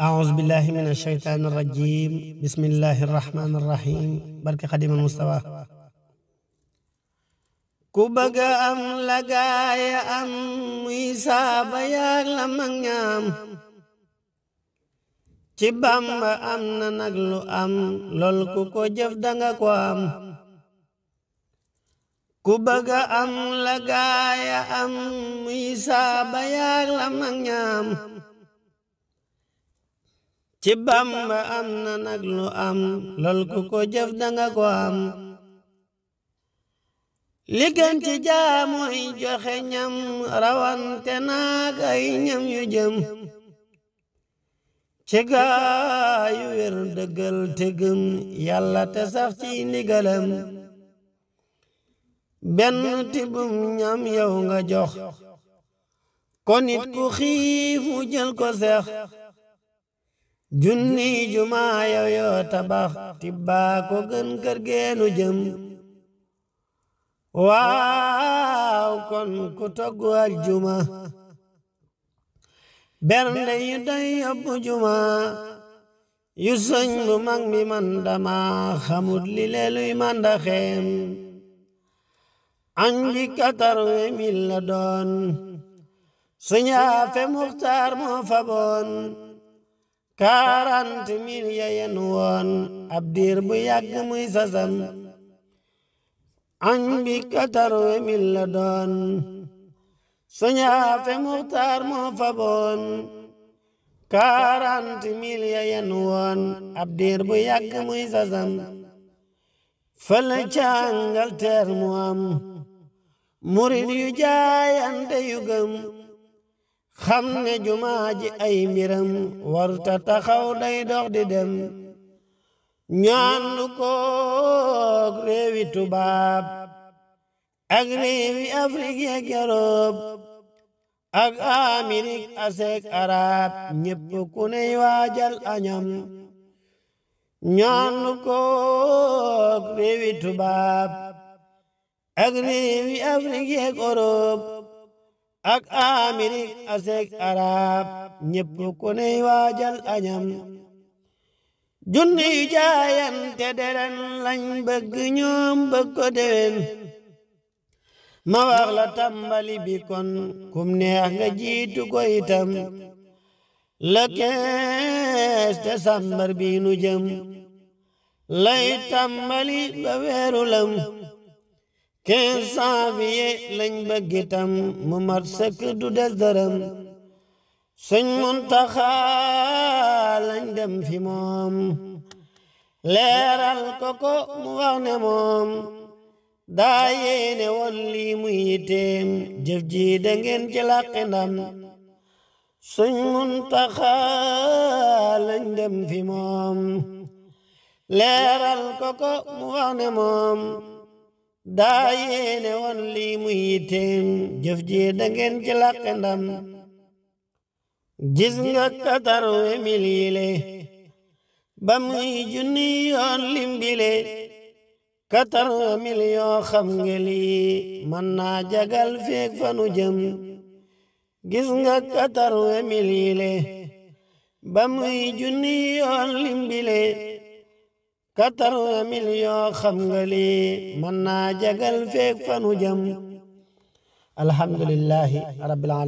aawuzu billahi min asheytaani irrajim bismillahi irrahmaani irrahim barke xadimal mustafa ku bëgga am la gaaya am muy saaba yaag la mag ñaam ci bamba am na nag lu am lool ku ko jëf danga ko am am la am muy saaba yaag la mag ñaam ci Bamba am na nag lu am lool ku ko jëf danga ko am li ci jaamu i joxe ñam rawante naag ay ñam yu jëm ci gaa yu wér dëggal te gëm yàlla te sax ci ndigalam benn tibum ñam yow nga jox ko nit ku xiif mu ko seex junni jumaa yow yoo tabax geenu jëm waaw kon ku togg al juma bernde yu doy yóbbu juma yu sëñ bu mag mi man dama xamut li leeluy mandaxeem añ bi quatre-vingt doon suñaa fe muxtaar moo fa quarante mille ya yen woon ab diir bu yàgg muy sasam añ bi katarwe mil la doon soñaafe muxtaar moo faboon quarante mille ya yen woon ab diir bu yàgg muy sasam fële càngal mu am murid yu jaayante yu gëm xam ne jumaa ji ay mbiram warta taxaw day dox di dem ñaandu koog réewi tubaab ak réewi Afrique ak Yurop ak Amerik aseek arab ñépp ku ney waajal añam ñaandu koog réewi tubaab ak réewi Afrique ak Yurop ak Amerik aseeg arab ñépp ku ney waajal añam junni jaayante deren lañ bëgg ñoom bëgg ko dewen ma wax la tàmbali bi kon kum neex nga jiitu ko itam le quinze décembre bi nu jëm lay tàmbali ba weeru quinze janvier lañ bëgg itam mu sëkk du des dërëm sëñ Muntaxa lañ dem fi moom leeral koko mu wax ne moom daa yéene woon lii muy yitteem jëf ji da ngeen ci làqi ndam Muntaxa lañ dem fi moom leeral koko mu wax ne moom daa yéene woon lii mu jëf ji dangeen ci làq nga katar we mil yile ba muy junni yoon limbile katar we mil yoo xam nga lii naa jagal feeg fanu jëm gis nga katar we mil yile ba muy junni yoon limbile quatre millions xam nga lii mën naa jagal feeg fanu jëm alhamdulillahi rabbil alamin